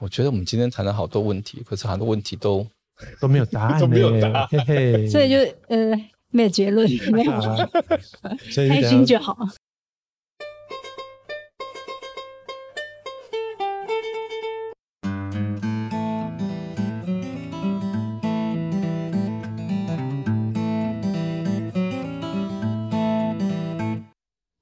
我覺得我們今天談了好多問題，可是,很多問題都 都沒有答案，欸， 都沒有答案 hey, hey，所以就呃沒有結論， 沒有結論， 開心就好。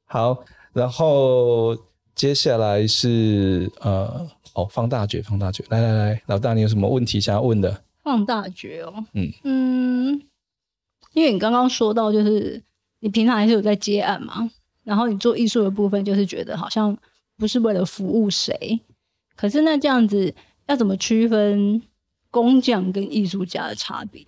好，然後接下來是呃。哦，放大絕，放大絕，來來來，老大，你有什麼問題想要問的？放大絕哦，嗯嗯，因為你剛剛說到，就是你平常還是有在接案嘛，然後你做藝術的部分，就是覺得好像不是為了服務誰，可是那這樣子要怎麼區分工匠跟藝術家的差別？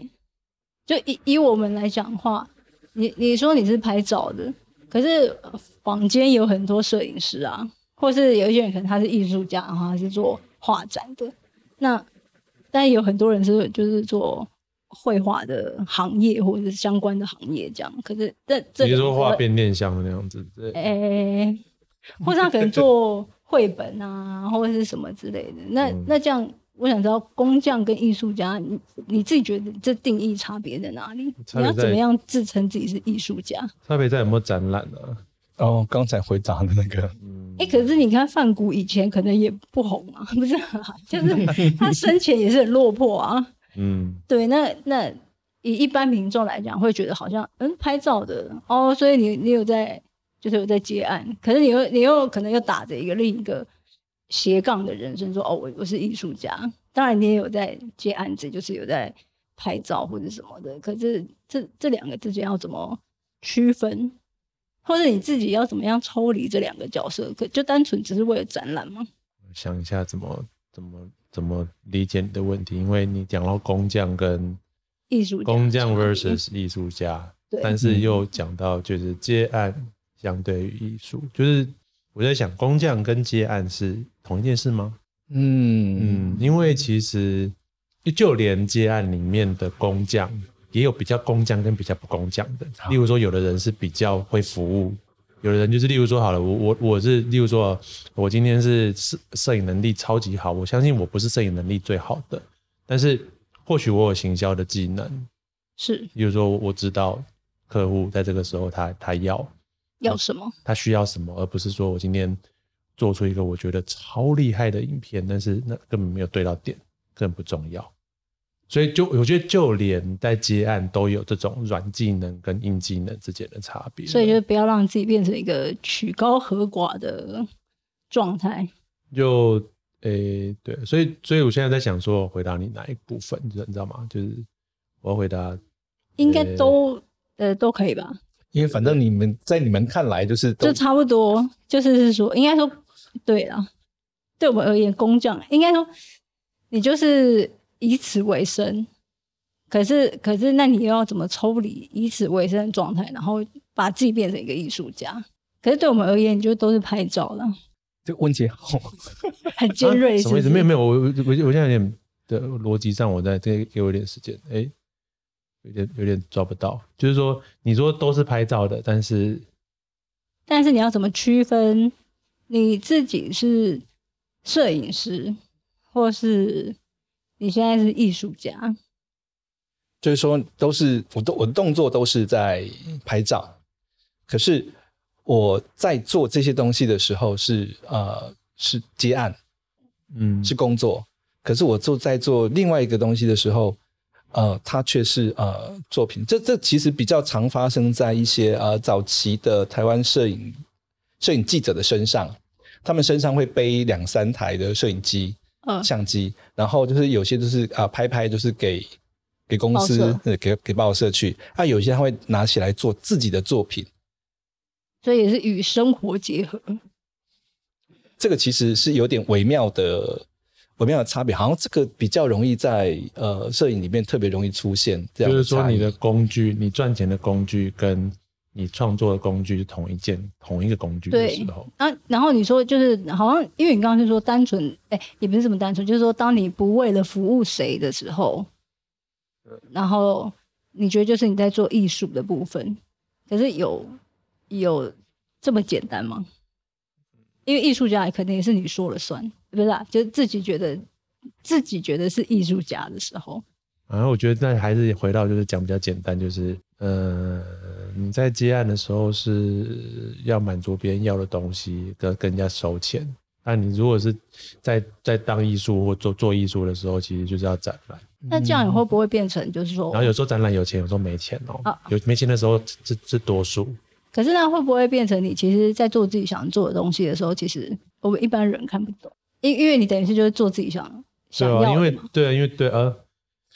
就以以我們來講的話，你你說你是拍照的，可是坊間有很多攝影師啊。或是有一些人可能他是藝術家，然後他是做畫展的。那但有很多人是就是做繪畫的行業，或者是相關的行業這樣。可是這這比如說，畫變念像的那樣子，對。誒、欸，或者他可能做繪本啊， 或者是什麼之類的。那那這樣我想知道工匠跟藝術家，你你自己覺得這定義差別在哪裡？你？你要怎麼樣自稱自己是藝術家？差別在有沒有展覽呢、啊？哦，剛才回答的那個。哎、欸，可是你看梵谷以前可能也不紅啊，不是很、啊、好，就是他生前也是很落魄啊。嗯， 對，那那以一般民眾來講會覺得好像，嗯，拍照的哦，所以你你有在就是有在接案，可是你又你又可能又打着一個另一個斜槓的人生，說哦，我我是藝術家，當然你也有在接案子，就是有在拍照或者什麼的，可是這這兩個之間要怎麼區分？或者你自己要怎麼樣抽離這兩個角色？可就單純只是為了展覽嗎？想一下怎麼怎麼怎麼理解你的問題，因為你講到工匠跟藝術家，工匠 versus 藝術家,家,家，但是又講到就是接案相對於藝術，就是我在想工匠跟接案是同一件事嗎？嗯嗯，因為其實就連接案裡面的工匠。也有比較工匠跟比較不工匠的，例如說，有的人是比較會服務，有的人就是，例如說，好了，我我我是例如說，我今天是攝攝影能力超級好，我相信我不是攝影能力最好的，但是或許我有行銷的技能，是，例如說，我知道客戶在這個時候他他要要什麼，他需要什麼，而不是說我今天做出一個我覺得超厲害的影片，但是那根本沒有對到點，更不重要。所以就我覺得就連在接案都有這種軟技能跟硬技能之間的差別。所以就不要讓自己變成一個曲高和寡的狀態。就誒對，所以所以我現在在想說回答你哪一部分，你知道嗎？就是我要回答，應該都、欸、呃都可以吧。因為反正你們在你們看來就是就差不多，就是是說應該說對了。對我們而言，工匠應該說你就是。以此為生，可是可是，那你又要怎麼抽離以此為生的狀態，然後把自己變成一個藝術家？可是對我們而言，你就都是拍照了。這個問題好 ，很尖銳、啊，什麼意思？沒有沒有，我我我現在有點的邏輯上我在，我再再給我一點時間。哎、欸，有點有點抓不到。就是說，你說都是拍照的，但是但是你要怎麼區分你自己是攝影師或是？你現在是藝術家，就是說，都是我動，我的動作都是在拍照，可是我在做這些東西的時候是呃，是接案，嗯，是工作，可是我做在做另外一個東西的時候，呃，它卻是呃作品。這這其實比較常發生在一些呃早期的台灣攝影攝影記者的身上，他們身上會背兩三台的攝影機。嗯，相機，然後就是有些就是啊，拍拍就是給給公司，給給報社去啊，有些他會拿起來做自己的作品，所以也是與生活結合。這個其實是有點微妙的微妙的差別，好像這個比較容易在呃攝影裡面特別容易出現這樣，就是說你的工具，你賺錢的工具跟你創作的工具是同一件、同一個工具的時候，那、啊、然後你說就是好像，因為你剛剛就說單純，哎、欸，也不是這麼單純，就是說當你不為了服務誰的時候，然後你覺得就是你在做藝術的部分，可是有有這麼簡單嗎？因為藝術家也肯定也是你說了算，對吧？就是自己覺得自己覺得是藝術家的時候，然後、啊、我覺得那還是回到就是講比較簡單，就是呃。你在接案的時候，是要滿足別人要的東西，跟跟人家收錢。那你如果是在在當藝術或做做藝術的時候，其實就是要展覽。那這樣你會不會變成就是說，嗯、然後有時候展覽有錢，有時候沒錢哦、喔啊。有沒錢的時候，這這多數。可是那會不會變成你其實，在做自己想做的東西的時候，其實我們一般人看不懂。因因為你等於是就是做自己想是對啊、哦，因為對，因為對啊、呃，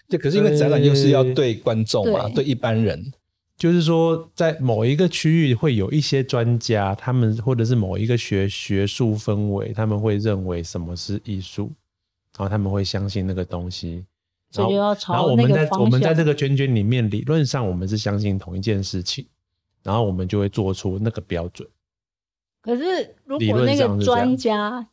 對。可是因為展覽就是要對觀眾嘛，對一般人。就是說，在某一個區域會有一些專家，他們或者是某一個學學術氛圍，他們會認為什麼是藝術，然後他們會相信那個東西。然後，所以就要朝那個方向。我們在我們在這個圈圈裡面，理論上我們是相信同一件事情，然後我們就會做出那個標準。可是，如果那個專家，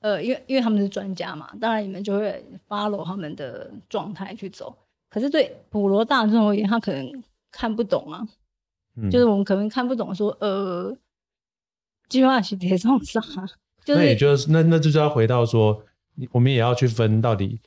呃，因為，因為他們是專家嘛，當然你們就會 follow 他們的狀態去走。可是，對普羅大眾而言，他可能。看不懂啊，嗯，就是我們可能看不懂說，說呃，進化是這種啥，就是那也就是那那就是要回到說，我們也要去分到底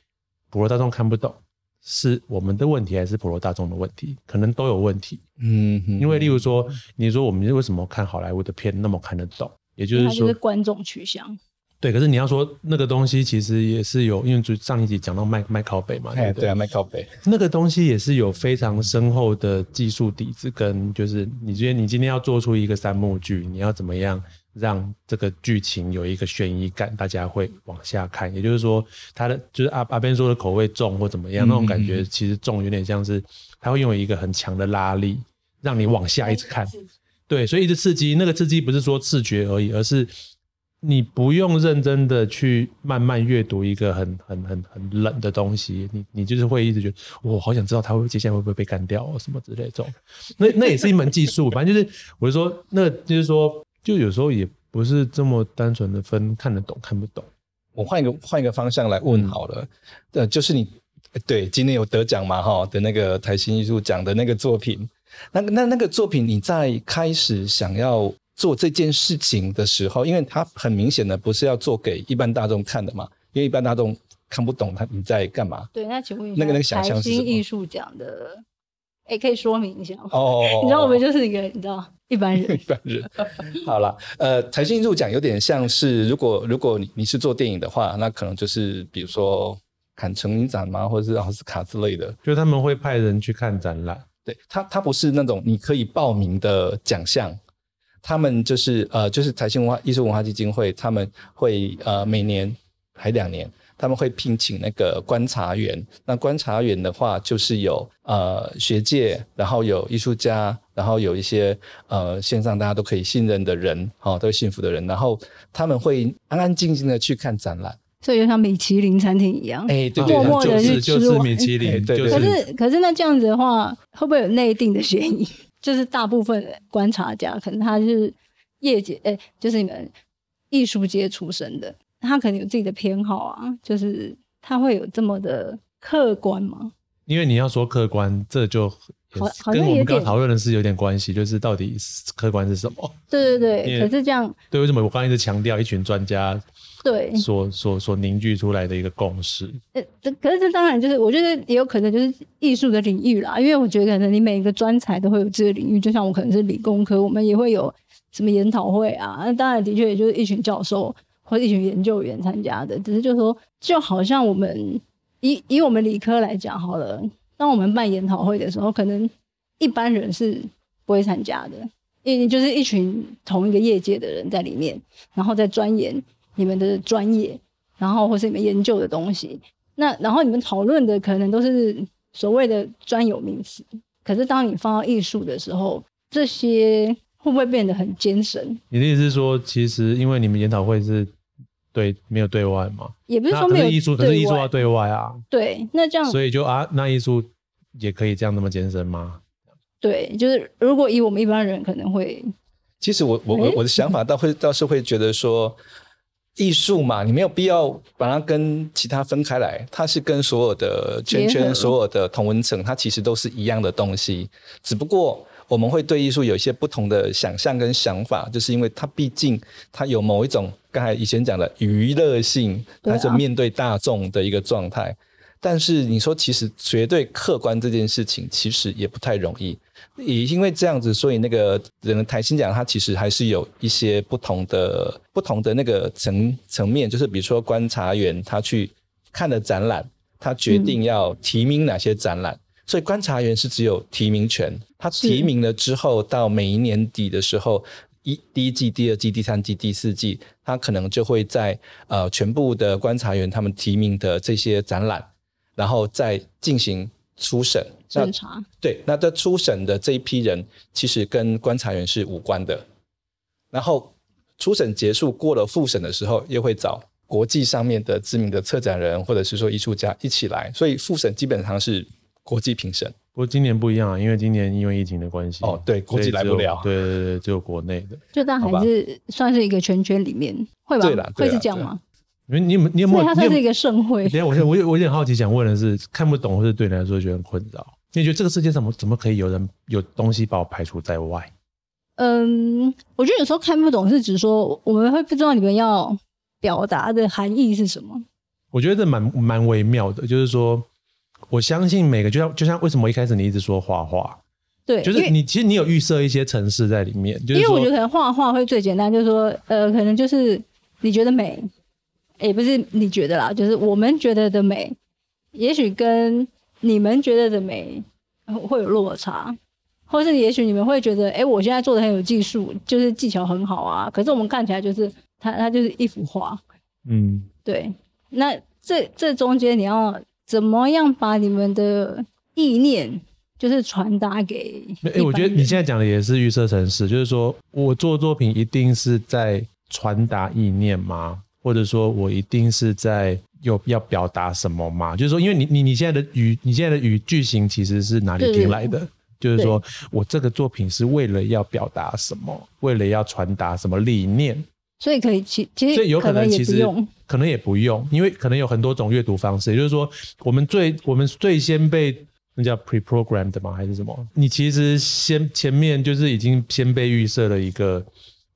普羅大眾看不懂，是我們的問題還是普羅大眾的問題，可能都有問題，嗯，嗯，因為例如說你說我們為什麼看好萊塢的片那麼看得懂？也就是說因為他就是觀眾取向。對，可是你要說那個東西其實也是有，因為就上一集講到麥麥考北嘛，對，對、哎、對啊，麥考北那個東西也是有非常深厚的技術底子，嗯，跟就是你覺得你今天要做出一個三幕劇，你要怎麼樣讓這個劇情有一個懸疑感，大家會往下看。也就是說，他的就是阿阿邊說的口味重或怎麼樣嗯，嗯，那種感覺，其實重有點像是他會用一個很強的拉力，讓你往下一直看。對，所以一直刺激，那個刺激不是說視覺而已，而是。你不用認真的去慢慢閱讀一個很很很很冷的東西，你你就是會一直覺得我好想知道他會接下來會不會被幹掉啊、哦、什麼之類這種，那那也是一門技術， 反正就是我就說，那就是說，就有時候也不是這麼單純的分看得懂看不懂。我換一個換一個方向來問好了，嗯、呃，就是你對今天有得獎嘛哈的那個台新藝術獎的那個作品，那那那個作品你在開始想要。做這件事情的時候，因為他很明顯的不是要做給一般大眾看的嘛，因為一般大眾看不懂他你在幹嘛。對，那請問一下那個那個台新藝術獎的，哎、欸，可以說明一下嗎？哦， 你知道我們就是一個、哦、你知道一般人。一般人，好了，呃，台新藝術獎有點像是，如果如果你你是做電影的話，那可能就是比如說看成影展嘛，或者是奧斯、哦、卡之類的。就他們會派人去看展覽。對他，他不是那種你可以報名的獎項。他們就是呃，就是台新文化藝術文化基金會，他們會呃每年還兩年，他們會聘請那個觀察員。那觀察員的話，就是有呃學界，然後有藝術家，然後有一些呃線上大家都可以信任的人，好、哦，都幸福的人。然後他們會安安靜靜的去看展覽，所以就像米其林餐廳一樣，欸、對，對，對默，默、嗯、就是就是米其林。欸、對，對，對，可是可是那這樣子的話，會不會有內定的嫌疑？就是大部分觀察家，可能他是業界，哎、欸，就是你們藝術界出身的，他可能有自己的偏好啊。就是他會有這麼的客觀嗎？因為你要說客觀，這就也好好像跟我們剛剛討論的是有點關係，就是到底客觀是什麼？對對對。可是這樣，對，為什麼我剛剛一直強調一群專家？對，所所所凝聚出來的一個共識。呃、欸，可是這當然就是，我覺得也有可能就是藝術的領域啦，因為我覺得可能你每一個專才都會有這個領域，就像我可能是理工科，我們也會有什麼研討會啊。那當然的確也就是一群教授或一群研究員參加的，只是就說，就好像我們以以我們理科來講好了，當我們辦研討會的時候，可能一般人是不會參加的，因為就是一群同一個業界的人在裡面，然後在鑽研。你們的專業，然後或是你們研究的東西，那然後你們討論的可能都是所謂的專有名詞。可是當你放到藝術的時候，這些會不會變得很艱深？你的意思是說，其實因為你們研討會是對沒有對外嗎？也不是說沒有。是藝術，可是藝術要對外啊。對，那這樣。所以就啊，那藝術也可以這樣那麼艱深嗎？對，就是如果以我們一般人可能會。其實我我我、哎、我的想法倒會倒是會覺得說。藝術嘛，你沒有必要把它跟其他分開來，它是跟所有的圈圈、所有的同溫層，它其實都是一樣的東西。只不過我們會對藝術有一些不同的想象跟想法，就是因為它畢竟它有某一種剛才以前講的娛樂性，它是面對大眾的一個狀態。對啊。但是你說，其實絕對客觀這件事情，其實也不太容易。也因為這樣子，所以那個人的台新獎它其實還是有一些不同的不同的那個層層面，就是比如說觀察員他去看了展覽，他決定要提名哪些展覽，嗯、所以觀察員是只有提名權。他提名了之後，到每一年底的時候，一第一季、第二季、第三季、第四季，他可能就會在呃全部的觀察員他們提名的這些展覽，然後再進行。初審、審查，對，那在初審的這一批人其實跟觀察員是無關的。然後初審結束過了複審的時候，又會找國際上面的知名的策展人或者是說藝術家一起來，所以複審基本上是國際評審。不過今年不一樣啊，因為今年因為疫情的關係，哦，對，國際來不了啊，對對對，只有國內的，就但還是算是一個圈圈裡面吧，會吧對對？會是這樣嗎？對因為你有你有沒？有，它是一個盛會。等下，我我有我有點好奇，想問的是， 看不懂或者對你來說覺得很困擾。你覺得這個世界上怎麼怎麼可以有人有東西把我排除在外？嗯，我覺得有時候看不懂是指說我們會不知道你們要表達的含義是什麼。我覺得這蠻蠻微妙的，就是說，我相信每個就像就像為什麼一開始你一直說畫畫，對，就是你其實你有預設一些城市在裡面，就是，因為我覺得可能畫畫會最簡單，就是說，呃，可能就是你覺得美。也、欸、不是你覺得啦，就是我們覺得的美，也許跟你們覺得的美會有落差，或是也許你們會覺得，哎、欸，我現在做的很有技術，就是技巧很好啊，可是我們看起來就是它它就是一幅畫，嗯，對。那這這中間你要怎麼樣把你們的意念就是傳達給？哎、欸，我覺得你現在講的也是預設城市，就是說我做作品一定是在傳達意念嗎？或者說我一定是在有要表達什麼嗎？就是說，因為你你你現在的語你現在的語句型其實是哪裡聽來的？就是說我這個作品是為了要表達什麼，為了要傳達什麼理念？所以可以，其其實所以有可能其實可能也不用，因為可能有很多種閱讀方式。也就是說，我們最我們最先被那叫 pre-programmed 的嗎？還是什麼？你其實先前面就是已經先被預設了一個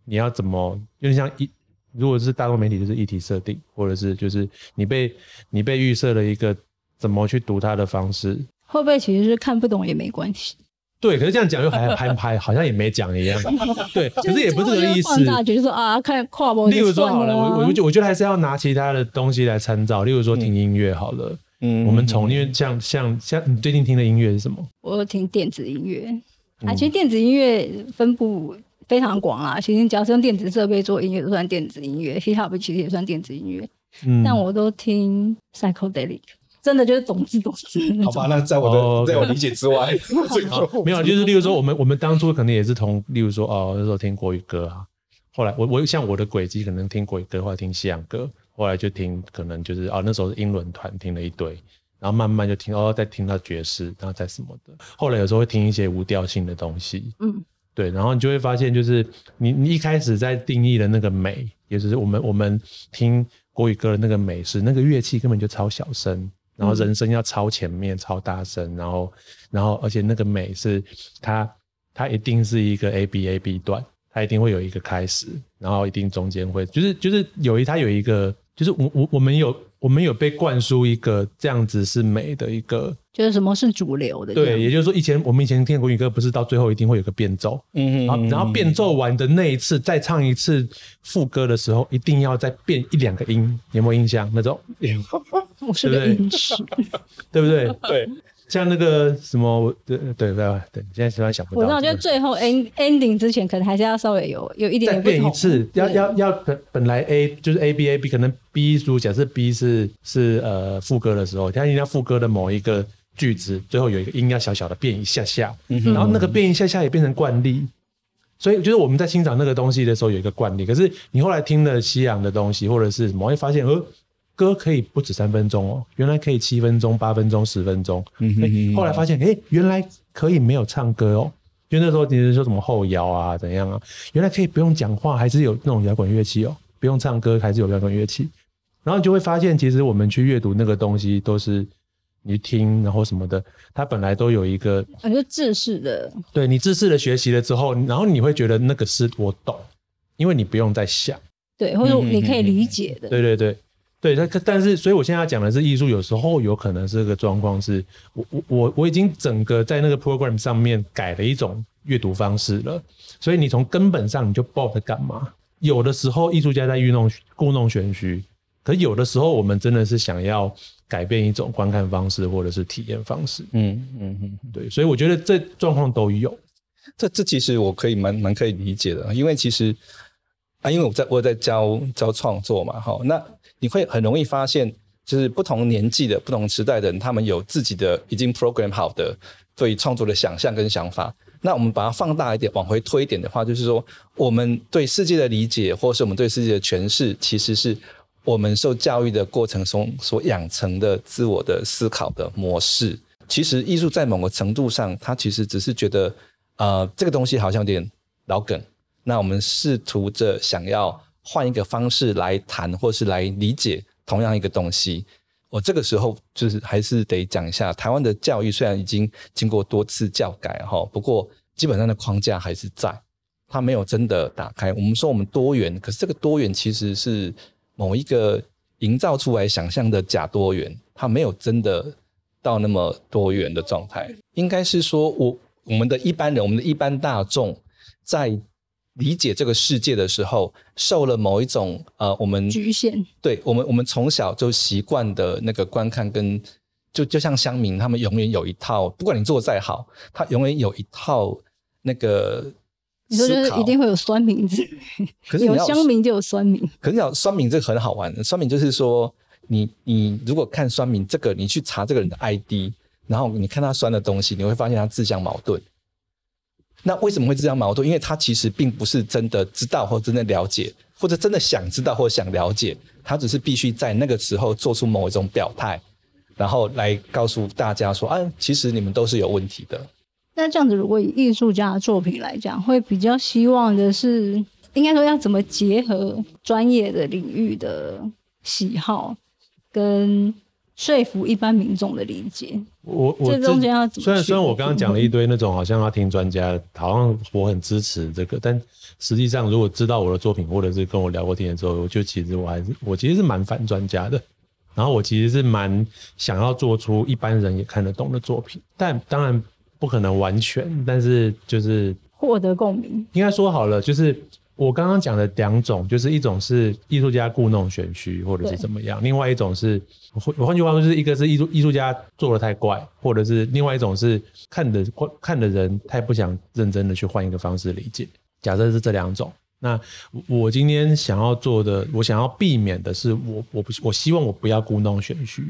你要怎麼有點像一。如果是大眾媒體，就是議題設定，或者是就是你被你被預設了一個怎麼去讀它的方式，會不會其實是看不懂也沒關係？對，可是這樣講又還還拍，拍， 好像也沒講一樣。 對，可是也不是這個意思，大絕、就是、說啊，看跨播、啊。例如說好了，我我覺我覺得還是要拿其他的東西來參照。例如說聽音樂好了，嗯，嗯，嗯，嗯，我們從因為像像像你最近聽的音樂是什麼？我聽電子音樂啊，其實電子音樂分布。非常廣啦、啊，其實只要是用電子設備做音樂，都算電子音樂。Hip Hop 其實也算電子音樂，嗯，但我都聽 Psychedelic，真的就是總之總之。好吧，那在我的，oh, okay. 在我的理解之外，最 好, 好沒有，就是例如說，我們我們當初可能也是同，例如說哦那時候聽國語歌啊，後來我我像我的軌跡，可能聽國語歌，後來聽西洋歌，後來就聽可能就是哦那時候是英倫團聽了一堆，然後慢慢就聽哦再聽到爵士，然後再什麼的，後來有時候會聽一些無調性的東西，嗯。對，然後你就會發現，就是你你一開始在定義的那個美，也就是我們我們聽國語歌的那個美是，是那個樂器根本就超小聲，然後人聲要超前面、嗯、超大聲，然後然後而且那個美是它它一定是一個 A B A B 段，它一定會有一個開始，然後一定中間會就是就是有一它有一個就是我我我們有。我們有被灌輸一個這樣子是美的一個，就是什麼是主流的。對，也就是說，以前我們以前聽國語歌，不是到最後一定會有個變奏，嗯然，然後變奏完的那一次，嗯、再唱一次副歌的時候，一定要再變一兩個音，有沒有印象？那種，我是個音癡對不對，對？對不 對？對。像那個什麼對對對，對，對，現在突然想不到，我知道，我覺得最後 ending ending 之前，可能還是要稍微有有一點，點不同，再變一次，要要要，本來 A 就是 A B A B，可能 B，如果假設 B 是是呃副歌的時候，它應該副歌的某一個句子，最後有一個音，要小小的變一下下，嗯哼。然後那個變一下下也變成慣例，所以就是我們在欣賞那個東西的時候有一個慣例。可是你後來聽了西洋的東西，或者是什麼會發現，哦、呃。歌可以不止三分鐘哦，原來可以七分鐘、八分鐘、十分鐘、 欸。後來發現，哎、欸，原來可以沒有唱歌哦。就那時候，你是說什麼後搖啊，怎樣啊？原來可以不用講話，還是有那種搖滾樂器哦，不用唱歌，還是有搖滾樂器。然後你就會發現，其實我們去閱讀那個東西，都是你聽，然後什麼的，它本來都有一個，很覺制式的。對，你制式的學習了之後，然後你會覺得那個是我懂，因為你不用再想。對，或者你可以理解的。嗯嗯嗯對對對。對，但是，所以我現在要講的是藝術，有時候有可能是這個狀況是我我我我已經整個在那個 program 上面改了一種閱讀方式了，所以你從根本上你就不知道它幹嘛。有的時候藝術家在愚弄、故弄玄虛，可有的時候我們真的是想要改變一種觀看方式或者是體驗方式。嗯嗯嗯，對，所以我覺得這狀況都有，這這其實我可以蠻蠻可以理解的，因為其實。啊，因為我在我在教教創作嘛，哈，那你會很容易發現，就是不同年紀的、不同時代的人，他們有自己的已經 program 好的對於創作的想象跟想法。那我們把它放大一點，往回推一點的話，就是說，我們對世界的理解，或是我們對世界的詮釋，其實是我們受教育的過程中所養成的自我的思考的模式。其實藝術在某個程度上，它其實只是覺得，呃，這個東西好像有點老梗。那我們試圖着想要換一個方式來談，或是來理解同樣一個東西。我這個時候就是還是得講一下，台灣的教育雖然已經經過多次教改哈，不過基本上的框架還是在，它沒有真的打開。我們說我們多元，可是這個多元其實是某一個營造出來、想象的假多元，它沒有真的到那麼多元的狀態。應該是說我，我我們的一般人，我們的一般大眾在。理解這個世界的時候，受了某一種呃，我們局限，對我們，我們從小就習慣的那個觀看跟，跟就就像鄉民，他們永遠有一套，不管你做再好，他永遠有一套那個。你說這一定會有酸民字，可是有鄉民就有酸民。可是有酸民這個很好玩，酸民就是說你，你你如果看酸民這個，你去查這個人的 ID，然後你看他酸的東西，你會發現他自相矛盾。那為什麼會這樣矛盾？因為他其實並不是真的知道或真的了解，或者真的想知道或想了解，他只是必須在那個時候做出某一種表態，然後來告訴大家說：“哎、啊，其實你們都是有問題的。”那這樣子，如果以藝術家的作品來講，會比較希望的是，應該說要怎麼結合專業的領域的喜好跟。說服一般民眾的理解，我，我這，這中間要雖然雖然我剛剛講了一堆那種好像要聽專家的，好像我很支持這個，但實際上如果知道我的作品或者是跟我聊過天的時候，我就其實我還是我其實是蠻反專家的。然後我其實是蠻想要做出一般人也看得懂的作品，但當然不可能完全，嗯，但是就是獲得共鳴。應該說好了，就是。我剛剛講的兩種，就是一種是藝術家故弄玄虛，或者是怎麼樣；另外一種是，換換句話說，就是一個是藝術藝術家做的太怪，或者是另外一種是看的看的人太不想認真的去換一個方式理解。假設是這兩種，那我今天想要做的，我想要避免的是我，我我不我希望我不要故弄玄虛。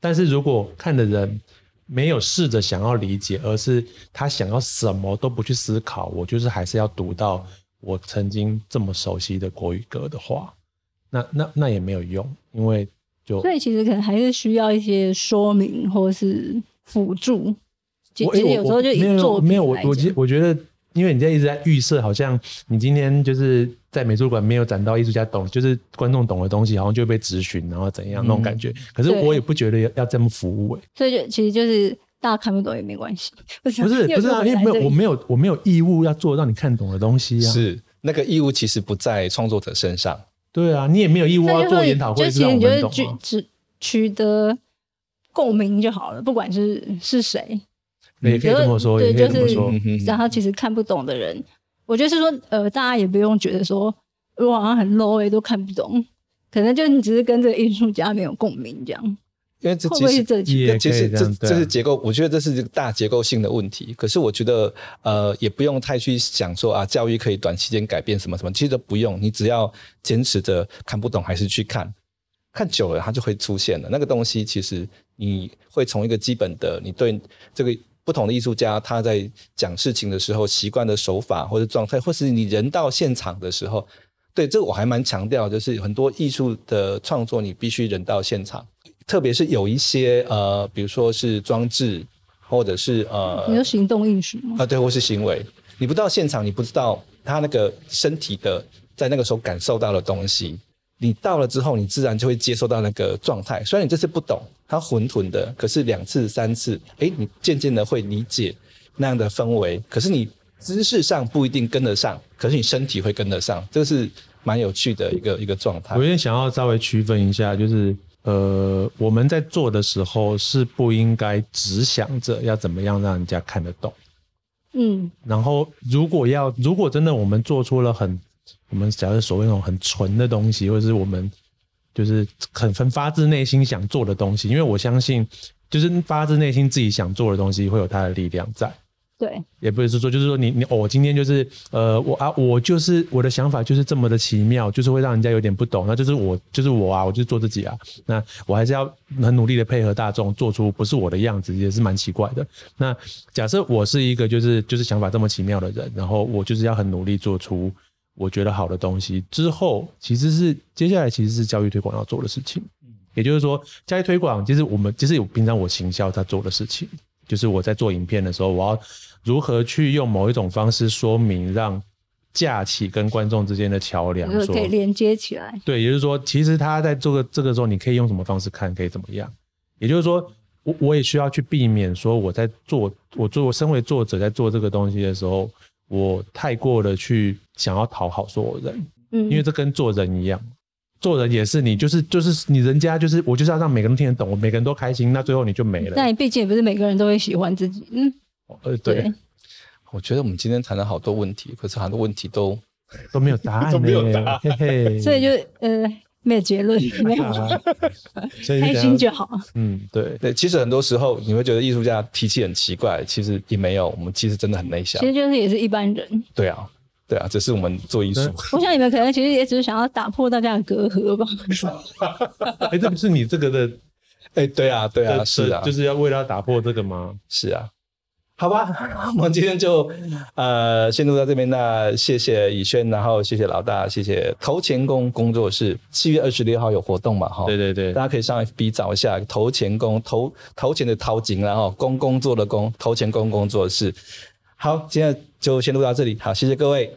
但是如果看的人沒有試着想要理解，而是他想要什麼都不去思考，我就是還是要讀到。我曾經這麼熟悉的國語歌的話，那那那也沒有用，因為就所以其實可能還是需要一些說明或是輔助我、欸我。其實有時候就一沒做，沒有我我，我覺得，因為你在一直在預設，好像你今天就是在美術館沒有展到藝術家懂，就是觀眾懂的東西，好像就被質詢，然後怎樣、嗯、那種感覺。可是我也不覺得要，要這麼服務、欸，所以就其實就是。大家看不懂也沒關係，不是不是，是，不是，啊、因為沒有我沒有我沒有義務要做讓你看懂的東西啊。是那個義務其實不在創作者身上。對啊，你也沒有義務要、啊、做研討會就懂、啊，就，就是你覺得只取得共鳴就好了，不管是是誰，嗯、也可以這麼說，對，就是，就是然後其實看不懂的人、嗯哼哼，我覺得是說，呃，大家也不用覺得說如果好像很 low 誒、欸，都看不懂，可能就你只是跟這個藝術家沒有共鳴這樣。因為這，這其實這這是結構，我覺得這是大結構性的問題。可是我覺得呃，也不用太去想說啊，教育可以短期間改變什麼什麼，其實都不用。你只要堅持着看不懂，還是去看，看久了，它就會出現了。那個東西其實你會從一個基本的，你對這個不同的藝術家他在講事情的時候習慣的手法或者狀態，或是你人到現場的時候，對，這個我還蠻強調，就是很多藝術的創作，你必須人到現場。特別是有一些呃，比如說是裝置，或者是呃，你的行動意識嗎？啊、呃，對，或是行為。你不到現場，你不知道他那個身體的在那個時候感受到的東西。你到了之後，你自然就會接受到那個狀態。雖然你這次不懂，他渾沌的，可是兩次三次，誒、欸，你漸漸的會理解那樣的氛圍。可是你知識上不一定跟得上，可是你身體會跟得上，這個是蠻有趣的一個一個狀態。我有點想要稍微區分一下，就是。呃，我們在做的時候是不應該只想着要怎麼樣讓人家看得懂。嗯，然後，如果要，如果真的我們做出了很，我們假設所謂那種很純的東西，或者是我們就是很很發自內心想做的東西，因為我相信，就是發自內心自己想做的東西會有它的力量在。對，也不是說，就是說你你哦，今天就是呃，我啊，我就是我的想法就是這麼的奇妙，就是會讓人家有點不懂。那就是我就是我啊，我就是做自己啊。那我還是要很努力的配合大眾，做出不是我的樣子，也是蠻奇怪的。那假設我是一個就是就是想法這麼奇妙的人，然後我就是要很努力做出我覺得好的東西之後，其實是接下來其實是教育推廣要做的事情。嗯，也就是說，教育推廣其實我們其實有平常我行銷在做的事情。就是我在做影片的時候，我要如何去用某一種方式說明，讓架起跟觀眾之間的橋梁說，說可以連接起來。對，也就是說，其實他在做的這個時候，你可以用什麼方式看，可以怎麼樣。也就是說，我我也需要去避免說，我在做我做我身為作者在做這個東西的時候，我太過的去想要討好所有人，嗯，因為這跟做人一樣。做人也是你，就是就是你，人家就是我，就是要讓每個人都聽得懂，我每個人都開心，那最後你就沒了。但你畢竟也不是每個人都會喜歡自己，嗯，哦呃、對，對。我覺得我們今天談了好多問題，可是很多問題都都沒有答案 都沒有答案，hey, hey 所以就是，呃沒有結論、哎，沒有、哎，開心就好。就嗯，對對，其實很多時候你會覺得藝術家脾氣很奇怪，其實也沒有，我們其實真的很內向，其實就是也是一般人。對啊。對啊，這是我們做藝術。我想你們可能其實也只是想要打破大家的隔閡吧。哎， 這不是你這個的，哎，對啊，對啊，是啊，就是要為了打破這個嗎？是啊，好吧， 我們今天就呃，先錄到這邊。那謝謝以軒，然後謝謝老大，謝謝頭前工工作室。七月二十六號有活動嘛？哈，對對對，大家可以上 FB 找一下“頭前工”，頭，頭前的頭前，然後工工作的工，頭前工工作室。好，今天就先錄到這裡。好，謝謝各位。